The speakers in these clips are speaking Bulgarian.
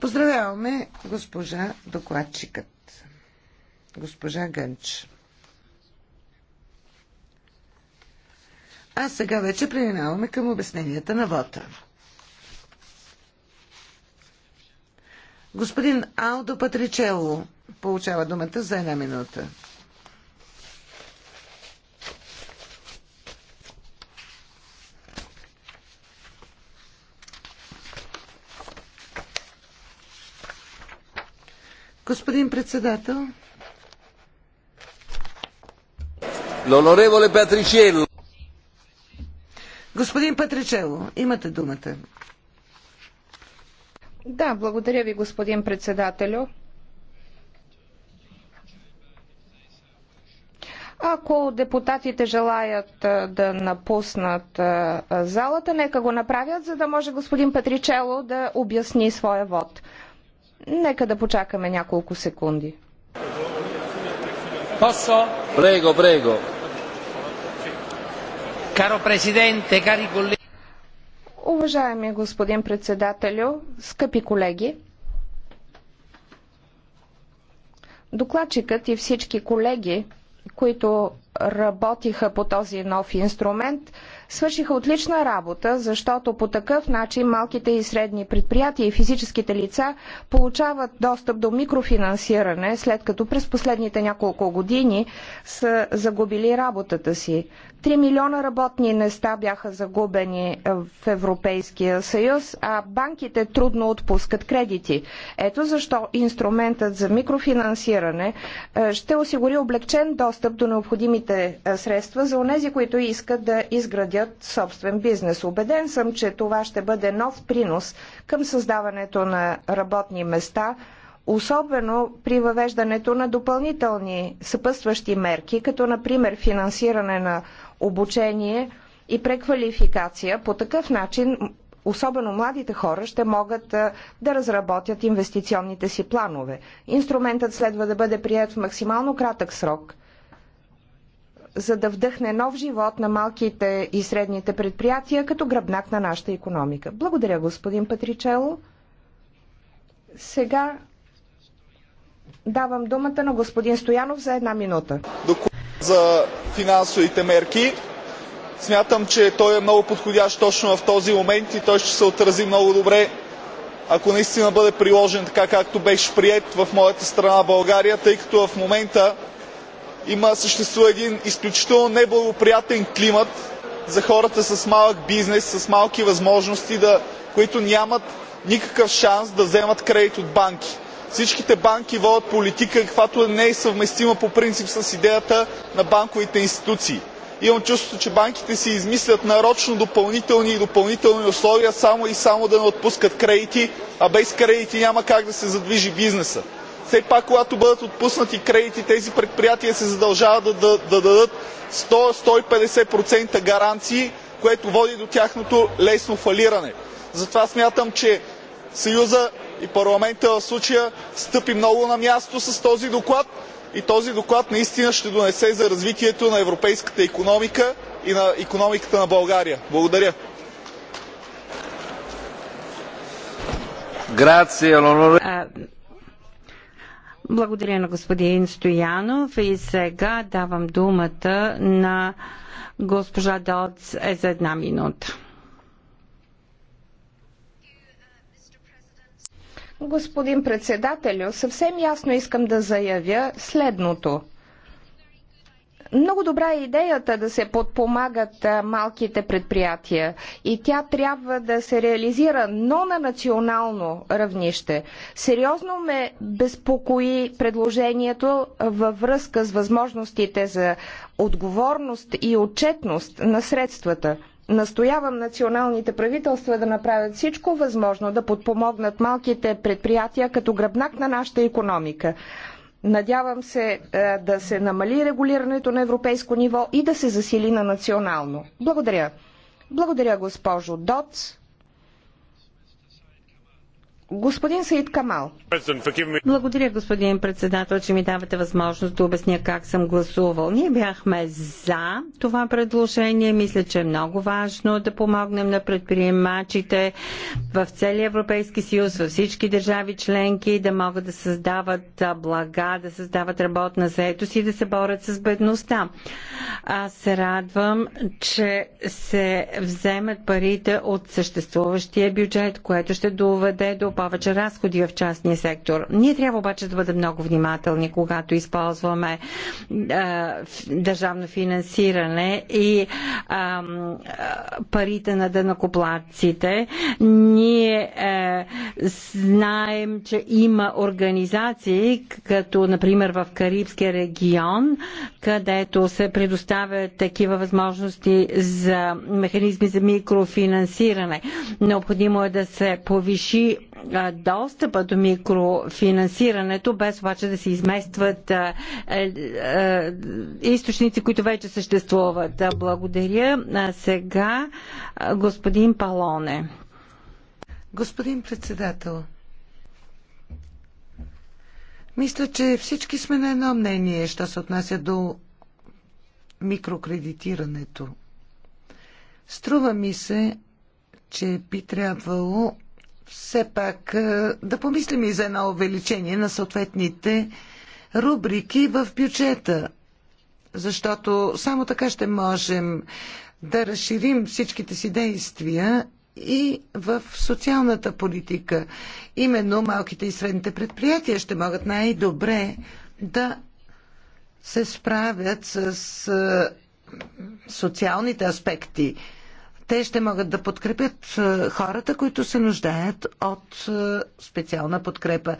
Поздравяваме госпожа докладчикът, госпожа Гънч. А сега вече преминаваме към обясненията на вота. Господин Алдо Патричело получава думата за една минута. Господин председател. Лонореволе Патричело. Господин Петричело, имате думата. Да, благодаря ви, господин председателю. Ако депутатите желаят да напуснат залата, нека го направят, за да може господин Петричело да обясни своя вод. Нека да почакаме няколко секунди. Posso? Prego, prego. Caro Presidente, cari colleghi. Уважаеми господин председателю, скъпи колеги, докладчикът и всички колеги, които работиха по този нов инструмент, свършиха отлична работа, защото по такъв начин малките и средни предприятия и физическите лица получават достъп до микрофинансиране, след като през последните няколко години са загубили работата си. Три милиона работни места бяха загубени в Европейския съюз, а банките трудно отпускат кредити. Ето защо инструментът за микрофинансиране е, ще осигури облегчен достъп до необходимите необходимите е, средства за онези, които искат да изградят собствен бизнес. Обеден съм, че това ще бъде нов принос към създаването на работни места, особено при въвеждането на допълнителни съпътстващи мерки, като например финансиране на обучение и преквалификация. По такъв начин особено младите хора, ще могат е, да разработят инвестиционните си планове. Инструментът следва да бъде прият в максимално кратък срок за да вдъхне нов живот на малките и средните предприятия като гръбнак на нашата економика. Благодаря, господин Патричело. Сега давам думата на господин Стоянов за една минута. За финансовите мерки. Смятам, че той е много подходящ точно в този момент и той ще се отрази много добре ако наистина бъде приложен така както беше прият в моята страна България, тъй като в момента има, съществува един изключително неблагоприятен климат за хората с малък бизнес, с малки възможности, да, които нямат никакъв шанс да вземат кредит от банки. Всичките банки водят политика, каквато не е съвместима по принцип с идеята на банковите институции. Имам чувството, че банките си измислят нарочно допълнителни и допълнителни условия само и само да не отпускат кредити, а без кредити няма как да се задвижи бизнесът все пак когато бъдат отпуснати кредити, тези предприятия се задължават да дадат 100 – 150% гаранции, което води до тяхното лесно фалиране. Затова смятам, че Съюзът и парламентът в случая стъпи много на място с този доклад и този доклад наистина ще донесе за развитието на европейската економика и на економиката на България. Благодаря. Благодаря на господин Стоянов и сега давам думата на госпожа Далц е за една минута. Господин председателю, съвсем ясно искам да заявя следното. Много добра е идеята да се подпомагат малките предприятия и тя трябва да се реализира, но на национално равнище. Сериозно ме безпокои предложението във връзка с възможностите за отговорност и отчетност на средствата. Настоявам националните правителства да направят всичко възможно да подпомогнат малките предприятия като гръбнак на нашата економика. Надявам се е, да се намали регулирането на европейско ниво и да се засили на национално. Благодаря. Благодаря, госпожо Доц. Господин Саид Камал. Благодаря, господин председател, че ми давате възможност да обясня как съм гласувал. Ние бяхме за това предложение. Мисля, че е много важно да помогнем на предприемачите в целия Европейски съюз, във всички държави членки, да могат да създават блага, да създават работна заетост и да се борят с бедността. Аз се радвам, че се вземат парите от съществуващия бюджет, което ще доведе до повече разходи в частния сектор. Ние трябва обаче да бъдем много внимателни, когато използваме а, е, държавно финансиране и а, е, парите на дънакоплатците. Ние а, е, знаем, че има организации, като например в Карибския регион, където се предоставят такива възможности за механизми за микрофинансиране. Необходимо е да се повиши достъпа до микрофинансирането, без обаче да се изместват източници, които вече съществуват. Благодаря. сега господин Палоне. Господин председател, мисля, че всички сме на едно мнение, що се отнася до микрокредитирането. Струва ми се, че би трябвало все пак е, да помислим и за едно увеличение на съответните рубрики в бюджета, защото само така ще можем да разширим всичките си действия и в социалната политика. Именно малките и средните предприятия ще могат най-добре да се справят с е, социалните аспекти те ще могат да подкрепят е, хората, които се нуждаят от е, специална подкрепа.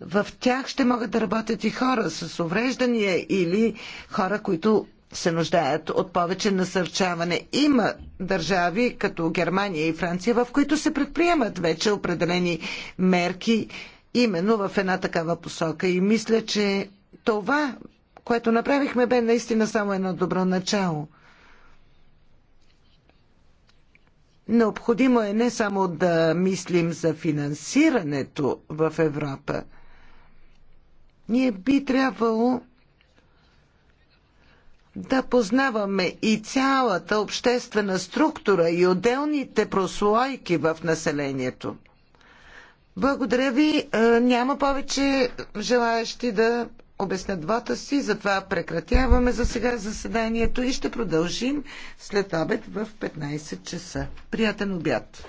В тях ще могат да работят и хора с увреждания или хора, които се нуждаят от повече насърчаване. Има държави, като Германия и Франция, в които се предприемат вече определени мерки именно в една такава посока. И мисля, че това, което направихме, бе наистина само едно добро начало. Необходимо е не само да мислим за финансирането в Европа. Ние би трябвало да познаваме и цялата обществена структура и отделните прослойки в населението. Благодаря ви. Е, няма повече желаящи да обяснят двата си, затова прекратяваме за сега заседанието и ще продължим след обед в 15 часа. Приятен обяд!